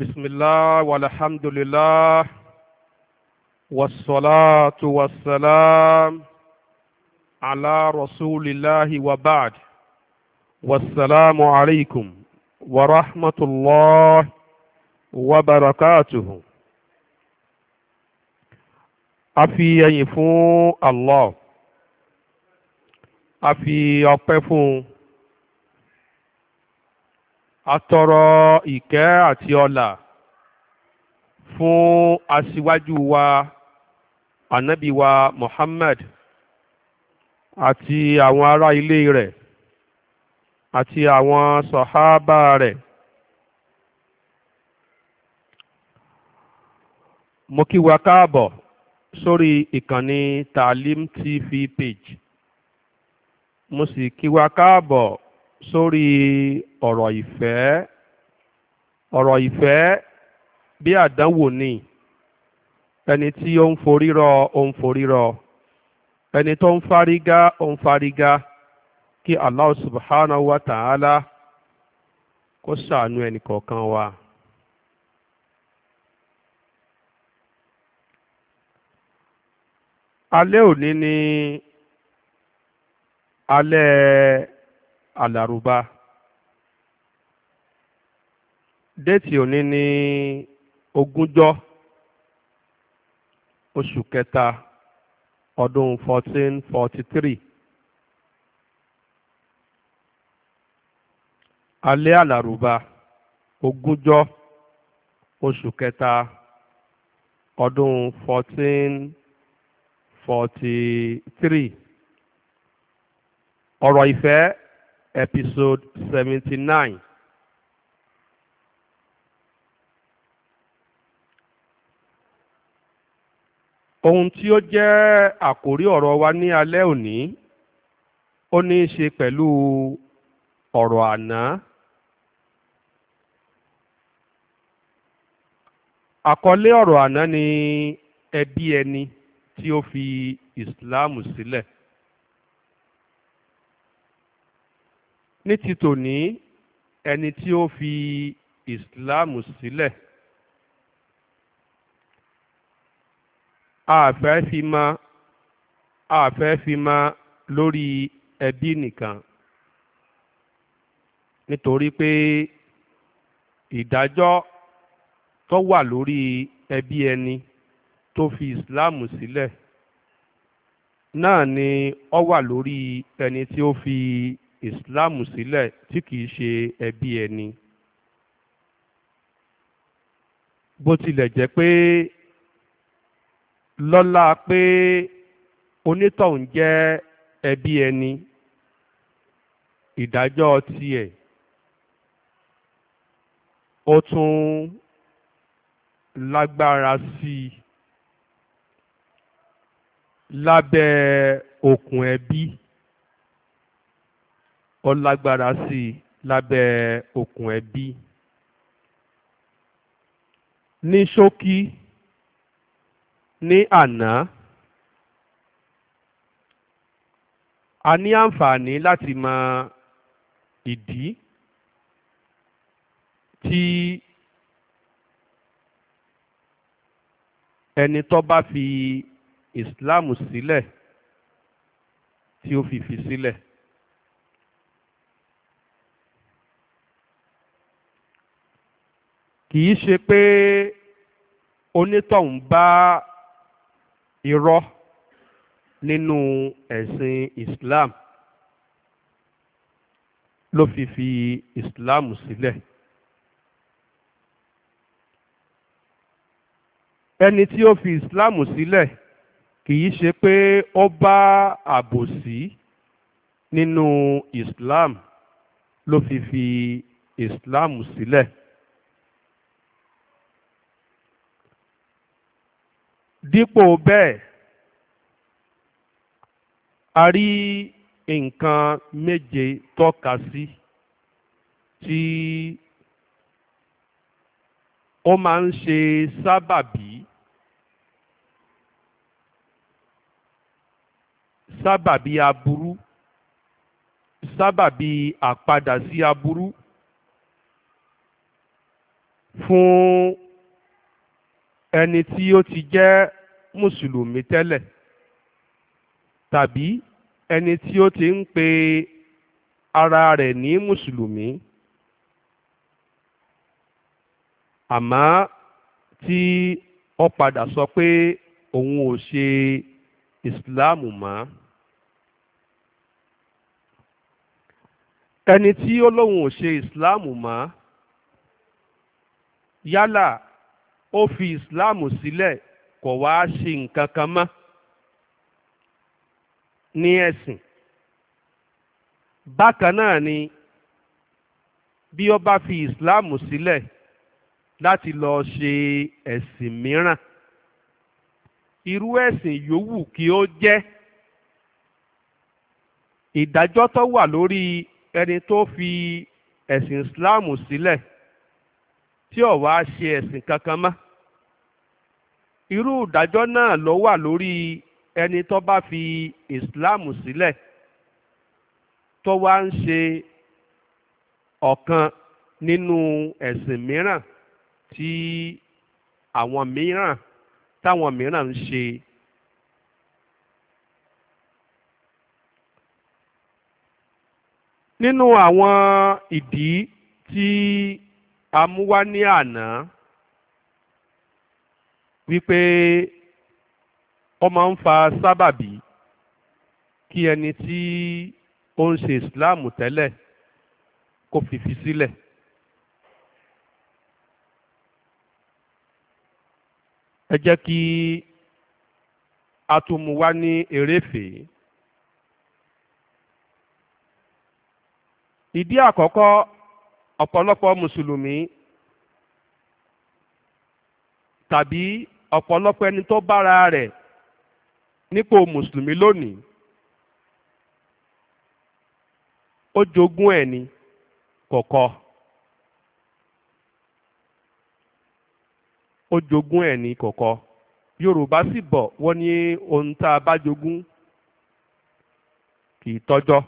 بسم الله والحمد لله والصلاة والسلام على رسول الله وبعد والسلام عليكم ورحمة الله وبركاته أفي يفو الله أفي يقفون atọrọ ìkẹ́ àti ọlà fún aṣíwájú wa ànábì wa Muhammad àti àwọn ará ilé rẹ̀ àti àwọn sọ̀hábà rẹ̀. mo kí wa káàbọ̀ sórí ìkànnì Taalim TV page mo sì kí wa káàbọ̀ sórí ọ̀rọ̀ ìfẹ́ ọ̀rọ̀ ìfẹ́ bí àdánwò ni ẹni tí ó ń forírọ ó ń forírọ ẹni tó ń fárígá ó ń fárígá kí Allah subhanahu wa ta'ala kó sànú ẹnì kọ̀ọ̀kan wa. alẹ́ òní ni alẹ́ àlàrúbá déètì òní ní ogúnjọ́ oṣù kẹta ọdún fourteen forty three alẹ́ àlàrúbá ogúnjọ́ oṣù kẹta ọdún fourteen episode seventy nine. ohun tí ó jẹ́ àkórí ọ̀rọ̀ wa ní alẹ́ òní ó ní í ṣe pẹ̀lú ọ̀rọ̀ àná àkọlé ọ̀rọ̀ àná ni ẹbí ẹni tí ó fi ìsìláàmù sílẹ̀. Si ní ti tòní ẹni tí ó fi ìsìláàmù sílẹ̀ àfẹ́ fi ma àfẹ́ fi ma lórí ẹbí nìkan nítorí pé ìdájọ́ tó wà lórí ẹbí ẹni tó fi ìsìláàmù sílẹ̀ náà ni ó wà lórí ẹni tí ó fi ìsìláàmù sílẹ̀ tí kìí ṣe ẹbí ẹni. bó tilẹ̀ jẹ́ pé lọ́lá pé onítọ̀hún jẹ́ ẹbí ẹni ìdájọ́ tiẹ̀ ó tún lágbára sí i lábẹ́ okùn ẹbí. E ó lágbára sí i lábẹ́ okùn ẹbí. ní ṣókí ní àná a ní àǹfààní láti mọ ìdí tí ẹni tó bá fi Islam sílẹ̀ tí ó fi fi sílẹ̀. kì í ṣe pé onítọ̀hún bá irọ́ nínú ẹ̀sìn Islam ló fi fi Islam sílẹ̀. ẹni tí ó fi Islam sílẹ̀ kì í ṣe pé ó bá àbòsí nínú Islam ló fi fi Islam sílẹ̀. Si dípò bẹ́ẹ̀ a rí nǹkan méje tọ́ka sí tí ó máa ń ṣe sábàbí sábàbí aburú sábàbí àpadà sí aburú fún ẹni tí ó ti jẹ́ mùsùlùmí tẹ́lẹ̀ tàbí ẹni tí ó ti ń pe ara rẹ̀ ní mùsùlùmí àmọ́ tí ó padà sọ pé òun ò ṣe ìsìláàmù mọ́ ẹni tí ó lóun ò ṣe ìsìláàmù mọ́ yálà ó fi islam sílẹ̀ kò wá ṣe nǹkan kan mọ́ ní ẹ̀sìn bákan náà ni bí ó bá fi islam sílẹ̀ láti lọ ṣe ẹ̀sìn mìíràn irú ẹ̀sìn yòówù kí ó jẹ́ ìdájọ́ tó wà lórí ẹni tó fi ẹ̀sìn islam sílẹ̀. Si tí ò wá ṣe ẹ̀sìn kankan mọ́ irú ìdájọ́ náà ló wà lórí ẹni tó bá fi Islam sílẹ̀ tó wá ń ṣe ọ̀kan nínú ẹ̀sìn mìíràn tí àwọn mìíràn táwọn mìíràn ń ṣe. nínú àwọn ìdí tí a mú wá ní àná wípé ó máa ń fa sábàbí kí ẹni tí ó ń ṣe ìsìláàmù tẹ́lẹ̀ kó fìfi sílẹ̀. ẹ jẹ́ kí a tún mú wá ní eréfèé. ìdí àkọ́kọ́ ọ̀pọ̀lọpọ̀ mùsùlùmí tàbí ọ̀pọ̀lọpọ̀ ẹni tó bára rẹ̀ nípò mùsùlùmí lónìí ó jogún ẹ̀ ni kọ̀kọ́ ó jogún ẹ̀ ni kọ̀kọ́ yorùbá sì bọ̀ wọ́n ní ohun tá a bá jogún kì í tọ́jọ́.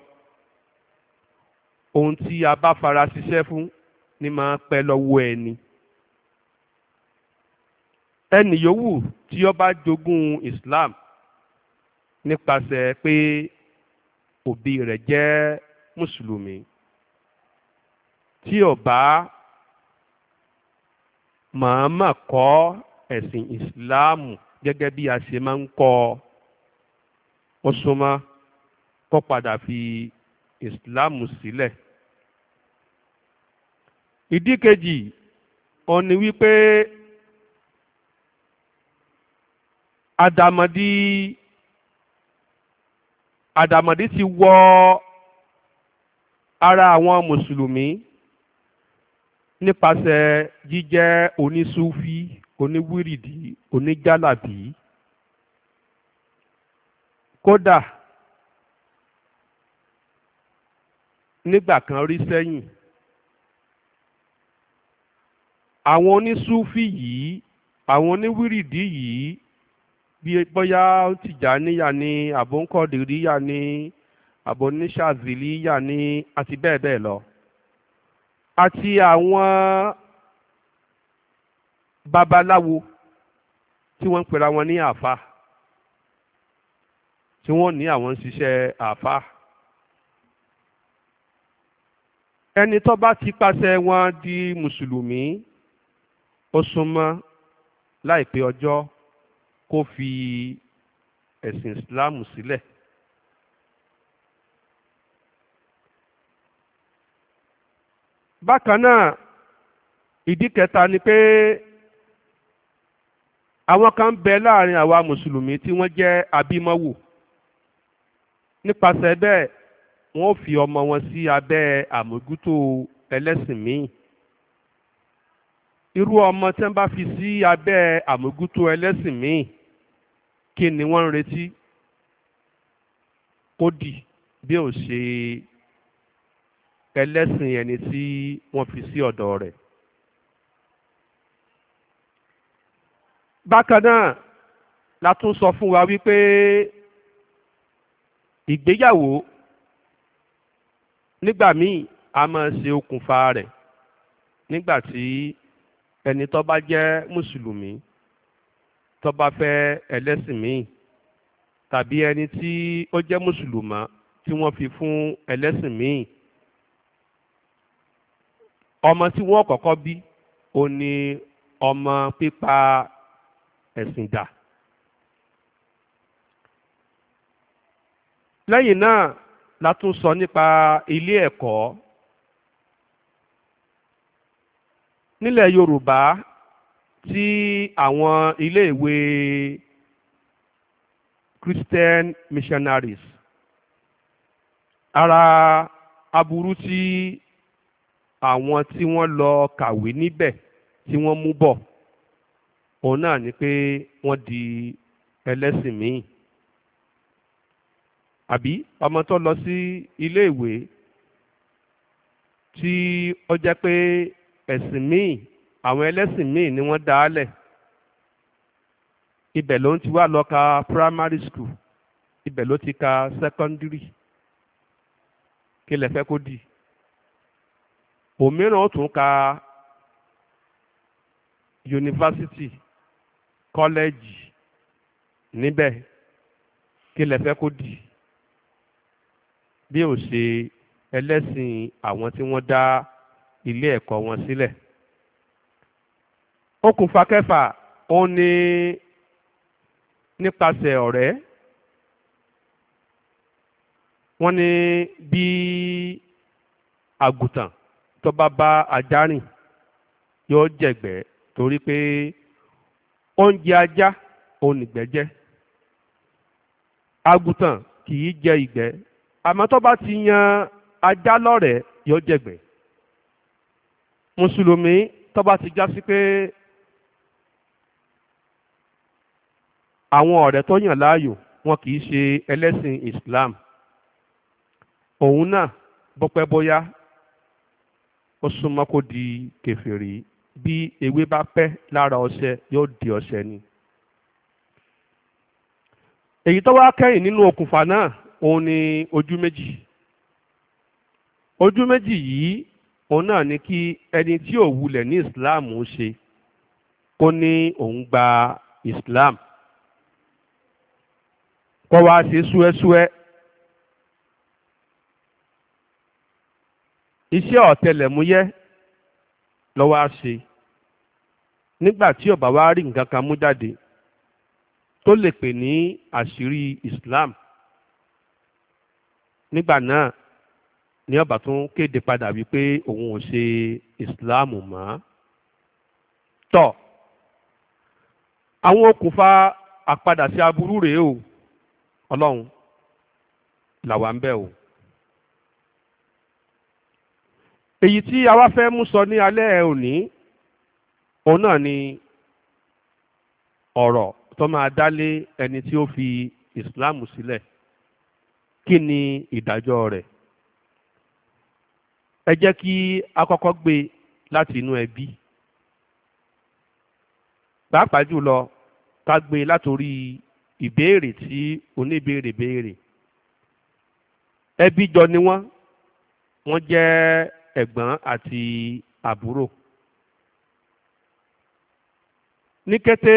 ohun tí a bá fara ṣiṣẹ́ fún ni máa pẹ́ lọ́wọ́ ẹni ẹnì yòówù tí ó bá jogún Islam nípasẹ̀ pé òbí rẹ̀ jẹ́ mùsùlùmí tí ó bá màámà kọ́ ẹ̀sìn ìsìláàmù gẹ́gẹ́ bí a ṣe máa ń kọ́ ọ súnmọ́ kó padà fi ìsìláàmù sílẹ̀. Si ìdí kejì òun ni wípé àdàmọ̀dì àdàmọ̀dì ti wọ ara àwọn mùsùlùmí nípasẹ̀ jíjẹ́ onísúfí oníwírìdì oníjálàbí kódà nígbà kan rí sẹ́yìn àwọn onísúfì yìí àwọn oníwírìdì yìí bí bóyá tìjàníyà ni àbóńkọ̀dìríyà ni àbóníṣàzìlíyà ni àti bẹ́ẹ̀ bẹ́ẹ̀ lọ àti àwọn babaláwo tí wọ́n ń pera wọn ní àfa tí wọ́n ní àwọn ń ṣiṣẹ́ àfa ẹni tó bá ti pàṣẹ wọn di mùsùlùmí ó súnmọ́ láìpẹ́ ọjọ́ kó fi ẹ̀sìn Islam sílẹ̀. bákan náà ìdí kẹta ni pé àwọn kan bẹ láàrin àwa mùsùlùmí tí wọ́n jẹ́ abímọ́wò nípasẹ̀ bẹ́ẹ̀ wọ́n fi ọmọ wọn sí abẹ́ àmójútó ẹlẹ́sìn míì irú ọmọ tí wọ́n bá fi sí abẹ́ àmójútó ẹlẹ́sìn míì kí ni wọ́n ń retí kó dì bí ò ṣe ẹlẹ́sìn ẹni tí wọ́n fi sí ọ̀dọ̀ rẹ̀. bákan náà la tún sọ fún wa wípé ìgbéyàwó nígbà míì a máa ṣe okùnfà rẹ̀ nígbà tí ẹni tó bá jẹ́ mùsùlùmí tó bá fẹ́ ẹlẹ́sìn míì tàbí ẹni tí ó jẹ́ mùsùlùmá tí wọ́n fi fún ẹlẹ́sìn míì ọmọ tí wọ́n kọ́kọ́ bí ó ní ọmọ pípa ẹ̀sìn dà. lẹ́yìn náà la sọ nípa ilé ẹ̀kọ́. nílẹ̀ Yorùbá tí àwọn iléèwé Christian missionaries ara aburú tí àwọn tí wọ́n lọ kàwé níbẹ̀ tí wọ́n mú bọ̀ òun náà ni pé wọ́n di ẹlẹ́sìn míì àbí ọmọ tó lọ sí iléèwé tí ó jẹ́ pé ẹ̀sìn míì àwọn ẹlẹ́sìn míì ni wọ́n dálẹ̀ ibẹ̀ ló ń ti wá lọ ka primary school ibẹ̀ ló ti ka secondary kí lẹ fẹ́ kó di òmíràn ó tún ka yunifásitì kọ́lẹ́jì níbẹ̀ kí lẹ fẹ́ kó di bí ò ṣe ẹlẹ́sìn àwọn tí wọ́n dá. Da ilé ẹ̀kọ́ wọn sílẹ̀. okùnfà kẹfà ó ní nípasẹ̀ ọ̀rẹ́ wọ́n ní bí àgùntàn tó bá bá ajá rìn yóò jẹ̀gbẹ́ torí pé oúnjẹ ajá onígbẹ́ jẹ́ àgùntàn kì í jẹ ìgbẹ́ àmọ́ tó bá ti yan ajá lọ́rẹ̀ẹ́ yóò jẹ̀gbẹ́ mùsùlùmí tó bá ti já sí pé àwọn ọ̀rẹ́ tó yàn láàyò wọn kì í ṣe ẹlẹ́sìn Islam òun náà bọ́pẹ́ bóyá ó súnmọ́ kó di kèfèrí bí ewé bá pẹ́ lára ọṣẹ yóò di ọṣẹ ni èyí tó wá kẹ́yìn nínú okùnfà náà òun ni ojú méjì ojú méjì yìí òun náà ni kí ẹni tí ò wulẹ̀ ní Islam ń ṣe kó ní òun gba Islam kó wá ṣe súẹ́súẹ́ iṣẹ́ ọ̀tẹlẹ̀múyẹ́ ló wá ṣe nígbà tí ó bá rí nǹkan kan mú jáde tó lè pè ní àṣírí Islam nígbà náà ní ọba tó ń kéde padà wípé òun ò ṣe islam mọ́ tọ́ àwọn okùnfà àpadà sí aburú rèé o ọlọ́run làwa ń bẹ̀ o èyí tí a wá fẹ́ mú sọ ní alẹ́ òní òun náà ni ọ̀rọ̀ tó máa dálé ẹni tí ó fi islam sílẹ̀ kí ni ìdájọ́ rẹ̀ ẹ jẹ́ kí a kọ́kọ́ gbé láti inú ẹbí pàápàá jùlọ ká gbé látòrí ìbéèrè tí oníbéèrè béèrè ẹbí jọ ni wọ́n wọ́n jẹ́ ẹ̀gbọ́n àti àbúrò ní kété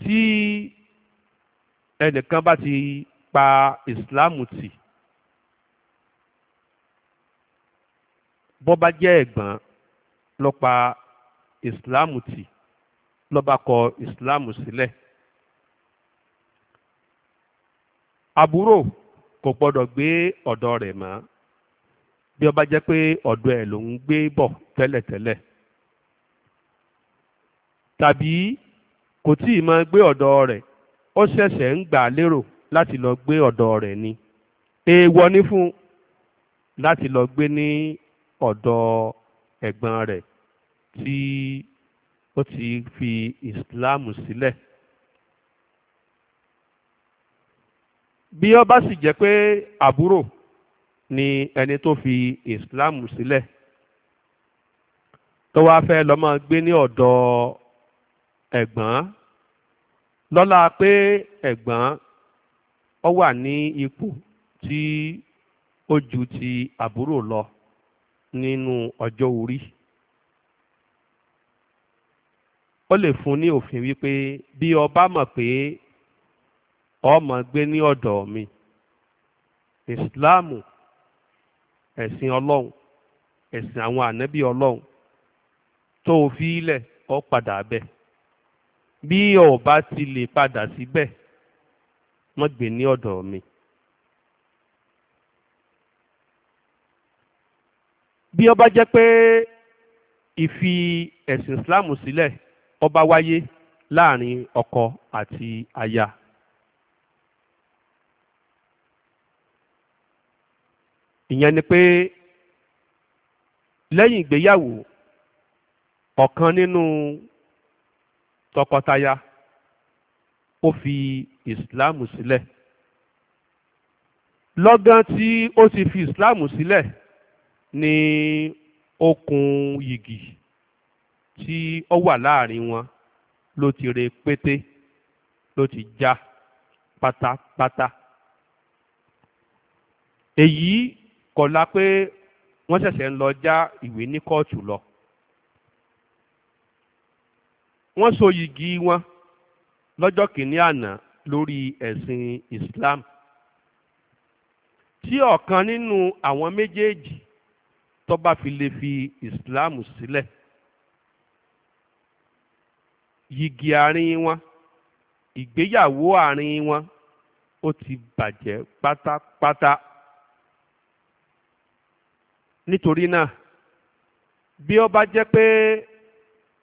tí ẹnìkan bá ti pa ìsìláàmù tì. Si bọ́bá jẹ́ ẹ̀gbọ́n ló pa ìsìláàmù tì kọ ìsìláàmù sílẹ̀ àbúrò kò gbọ́dọ̀ gbé ọ̀dọ̀ rẹ̀ mọ́ bí ọba jẹ́ pé ọ̀dọ̀ ẹ̀ ló ń gbé bọ̀ tẹ́lẹ̀tẹ́lẹ̀ kò tí ì gbé rẹ̀ ó ṣẹ̀ṣẹ̀ ń gbà lọ gbé rẹ̀ ni èèwọ̀ ní fún lọ gbé ní ọ̀dọ̀ ẹ̀gbọ́n rẹ̀ tí ó ti fi Islam sílẹ̀. bí ó bá sì jẹ́ pé àbúrò ni ẹni tó fi Islam sílẹ̀ tó wáá fẹ́ lọ máa gbé ní ọ̀dọ̀ ẹ̀gbọ́n lọ́la pé ẹ̀gbọ́n ó wà ní ipò tí ó ju ti àbúrò lọ nínú ọjọ́ orí ó lè fún ní òfin wípé bí ọba mọ̀ pé ọmọ gbé ní ọ̀dọ̀ mi ìsìláàmù ẹ̀sìn ọlọ́run ẹ̀sìn àwọn ànábì ọlọ́run tó o fi ilẹ̀ ọ padà bẹ̀ bí ọba ti lè padà síbẹ̀ wọ́n gbé ní ọ̀dọ̀ mi. bí ó bá jẹ́ pé ìfi ẹ̀sìn Islam sílẹ̀ ó bá wáyé láàrin ọkọ àti aya. ìyẹn ni pé lẹ́yìn ìgbéyàwó ọ̀kan nínú tọkọtaya ó fi Islam sílẹ̀ lọ́gán tí ó ti fi Islam sílẹ̀ ní okùn yìgì tí ó wà láàrin wọn ló ti re pété ló ti já pátápátá èyí kọ̀la pé wọ́n ṣẹ̀ṣẹ̀ ń lọ já ìwé ní kóòtù lọ wọ́n so yìgì wọn lọ́jọ́ kìíní àná lórí ẹ̀sìn Islam tí ọ̀kan nínú àwọn méjèèjì tó bá fi lè fi ìsìláàmù sílẹ̀ yìgì àárín wọn ìgbéyàwó àárín wọn ó ti bàjẹ́ pátápátá nítorí náà bí ó bá jẹ́ pé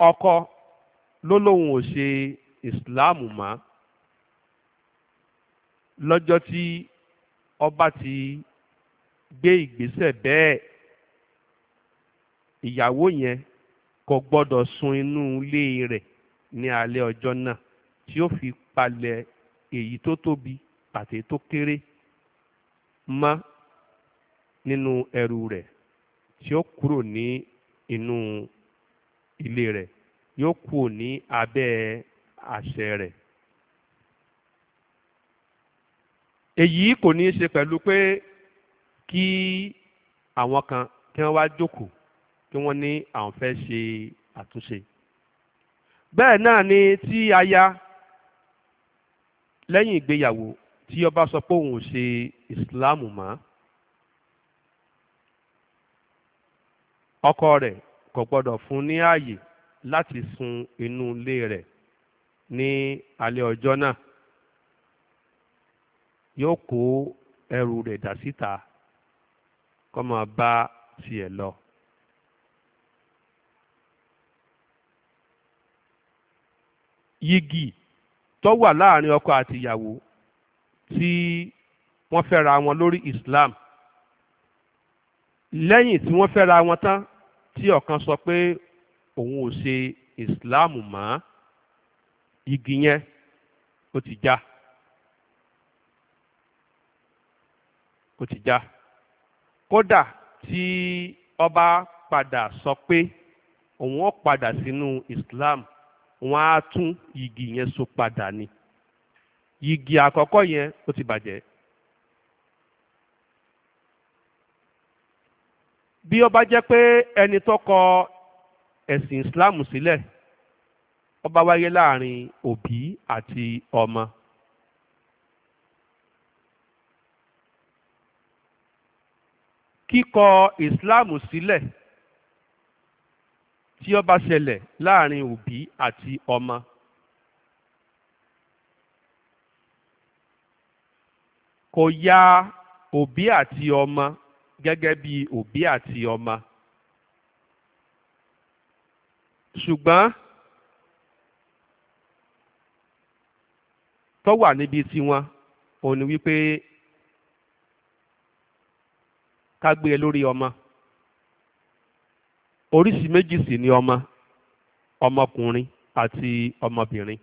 ọkọ ló lóun ò ṣe ìsìláàmù mọ́ lọ́jọ́ tí ọba ti gbé ìgbésẹ̀ bẹ́ẹ̀ ìyàwó yẹn kò gbọ́dọ̀ sun inú ilé rẹ̀ ní alẹ́ ọjọ́ náà tí ó fi palẹ̀ èyí tó tóbi àti tó kéré mọ́ nínú ẹrù rẹ̀ tí ó kúrò ní inú ilé rẹ̀ yóò kúrò ní abẹ́ àṣẹ rẹ̀. èyí kò ní í ṣe pẹ̀lú pé kí àwọn kan kí wọ́n wá jókòó kí wọ́n ní àwọn fẹ́ ṣe àtúnṣe bẹ́ẹ̀ náà ni tí aya lẹ́yìn ìgbéyàwó tí ó bá sọ pé òun ò ṣe ìsìláàmù mọ́ ọkọ rẹ̀ kò gbọ́dọ̀ fún ní ààyè láti sun inú ilé rẹ̀ ní alẹ́ ọjọ́ náà yóò kó ẹrù rẹ̀ dà síta kó máa bá tiẹ̀ lọ. yígì tó wà láàrin ọkọ àti ìyàwó tí wọ́n fẹ́ra wọn lórí Islam lẹ́yìn tí wọ́n fẹ́ra wọn tán tí ọ̀kan sọ pé òun ò ṣe Islam mọ́ igi yẹn ó ti já ó ti já kódà tí ọba padà sọ pé òun ó padà sínú Islam wọ́n á tún yìgì yẹn so padà ni yìgì àkọ́kọ́ yẹn ó ti bàjẹ́. bí ó bá jẹ́ pé ẹni tó kọ ẹ̀sìn Islam sílẹ̀ ó wáyé láàrin òbí àti ọmọ. kíkọ Islam sílẹ̀. Si tí ó bá ṣẹlẹ̀ láàrin òbí àti ọmọ. kò ya òbí àti ọmọ gẹ́gẹ́ bí òbí àti ọmọ ṣùgbọ́n tó wà níbi tiwọn òun ni wípé ká gbé e lórí ọmọ oríṣi méjì sì ni ọmọ ọmọkùnrin àti ọmọbìnrin.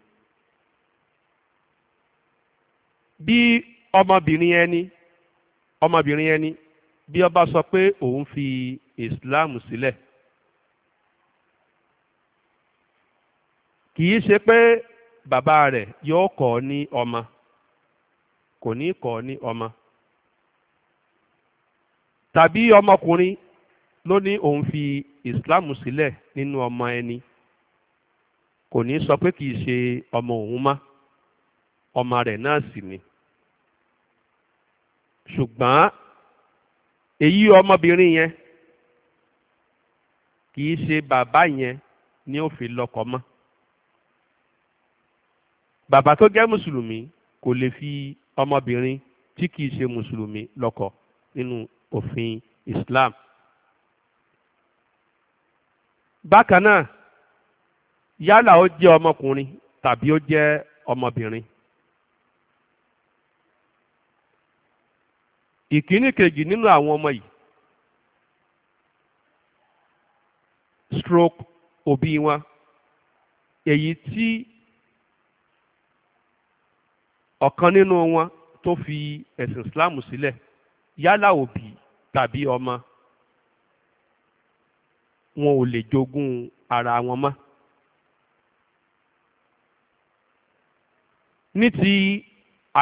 bí ọmọbìnrin ẹni ọmọbìnrin ẹni bí ó bá sọ pé òun fi Islam sílẹ̀ kì í ṣe pé bàbá rẹ̀ yóò kọ́ ọ ní ọmọ kò ní kọ́ ọ ní ọmọ tàbí ọmọkùnrin ló ní òun fi islam sílẹ̀ nínú ọmọ ẹni kò ní sọ pé kìí ṣe ọmọ òun má ọmọ rẹ̀ náà sì ni ṣùgbọ́n èyí ọmọbìnrin yẹn kìí ṣe bàbá yẹn ni ó fi lọ́kọ mọ́ bàbá tó jẹ́ mùsùlùmí kò lè fi ọmọbìnrin tí kìí ṣe mùsùlùmí lọ́kọ nínú òfin Islam bákan náà yálà ó jẹ́ ọmọkùnrin tàbí ó jẹ́ ọmọbìnrin. ìkíní kejì nínú àwọn ọmọ yìí stroke òbí wọn èyí tí ọ̀kan nínú wọn tó fi ẹ̀sìn Islam sílẹ̀ yálà òbí tàbí ọmọ wọn ò lè jogún ara wọn mọ́. ní ti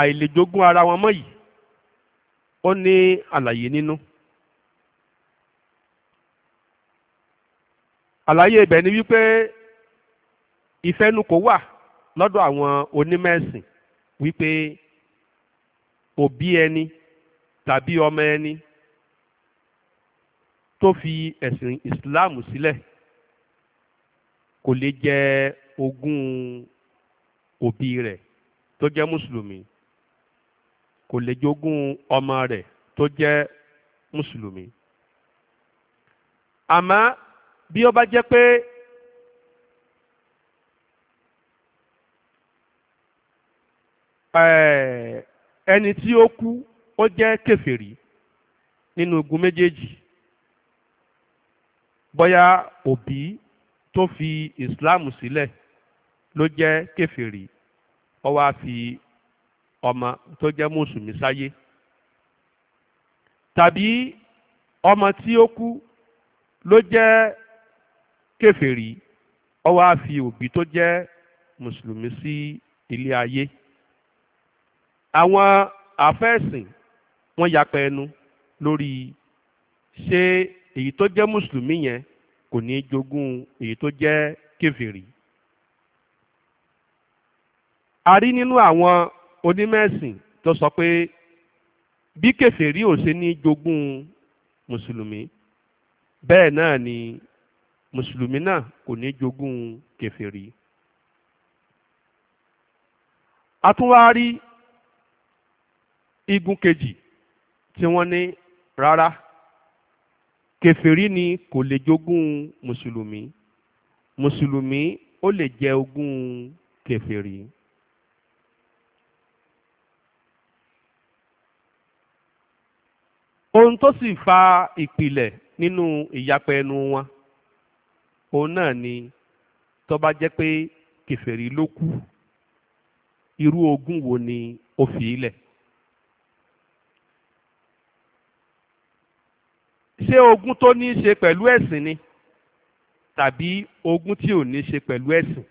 àìlèjogún ara wọn mọ́ yìí ó ní àlàyé nínú. àlàyé ibẹ̀ ni wípé ìfẹ́nukò wà lọ́dọ̀ àwọn onímẹ̀sìn wípé òbí ẹni tàbí ọmọ ẹni tó fi ẹ̀sìn Islam sílẹ̀ kò lè jẹ ogún òbí rẹ̀ tó jẹ́ mùsùlùmí kò lè jogún ọmọ rẹ̀ tó jẹ́ mùsùlùmí àmọ́ bí ó bá jẹ́ pé ẹni tí ó kú ó jẹ́ kèfèrí nínú ogun méjèèjì bóyá òbí tó fi islam sílẹ̀ ló jẹ́ kèfèrí ó wá fi ọmọ tó jẹ́ mùsùlùmí sáyé tàbí ọmọ tí ó kú ló jẹ́ kèfèrí ó wá fi òbí tó jẹ́ mùsùlùmí sí ilé ayé àwọn àfẹ́sìn wọ́n yapa ẹnu lórí ṣé èyí tó jẹ́ mùsùlùmí yẹn kò ní jogún èyí tó jẹ́ kèfèrí. a rí nínú àwọn onímẹ̀sìn tó sọ pé bí kèfèrí ò ṣe ní jogún mùsùlùmí bẹ́ẹ̀ náà ni mùsùlùmí náà kò ní jogún kèfèrí. a tún wá rí igun kejì tí wọ́n ní rárá kèfèrí ni kò lè jogún mùsùlùmí mùsùlùmí ó lè jẹ ogún kèfèrí. ohun tó sì fa ìpìlẹ̀ nínú ìyapa ẹnu wọn òun náà ni tó bá jẹ́ pé kèfèrí ló kú irú ogún wo ni ó fi í lẹ̀. ṣé ogún tó ní í ṣe pẹ̀lú ẹ̀sìn ni tàbí ogún tí ò ní í ṣe pẹ̀lú ẹ̀sìn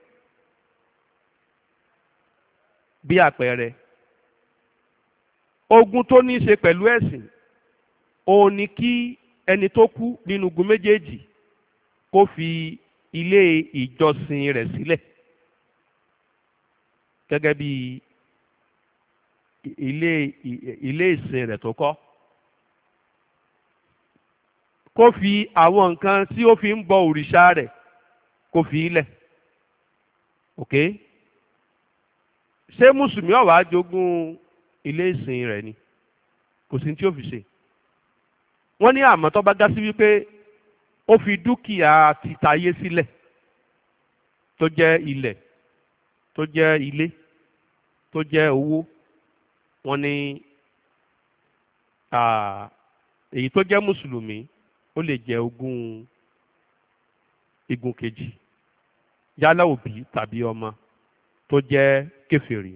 bí àpẹẹrẹ ogún tó ní í ṣe pẹ̀lú ẹ̀sìn òun ni kí ẹni tó kú nínú ogun méjèèjì kó fi ilé ìjọsìn rẹ̀ sílẹ̀ gẹ́gẹ́ bí ilé ìsìn rẹ̀ tó kọ́ kó fi àwọn nǹkan tí ó fi ń bọ òrìṣà rẹ̀ kó fi ilẹ̀ ok ṣé mùsùlùmí ó wá jogún ilé ìsìn rẹ̀ ni kò sí tí ó fi ṣe wọ́n ní àmọ́ tó bá dá sí wípé ó fi dúkìá títayé sílẹ̀ tó jẹ́ ilẹ̀ tó jẹ́ ilé tó jẹ́ owó wọ́n ní èyí tó jẹ́ mùsùlùmí ó lè jẹ́ ogún igun kejì yálà òbí tàbí ọmọ tó jẹ́ kèfèrí.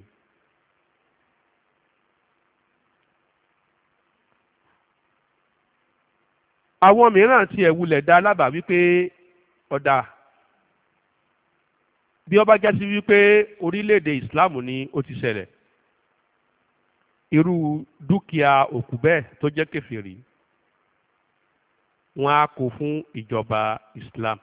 àwọn mìíràn tiẹ̀ wulẹ̀ dá lábàá wípé ọ̀dà bí ó bá já sí wípé orílẹ̀-èdè Islam ni ó ti ṣẹlẹ̀ irú dúkìá òkú bẹ́ẹ̀ tó jẹ́ kèfèrí wọ́n á kó fún ìjọba Islam.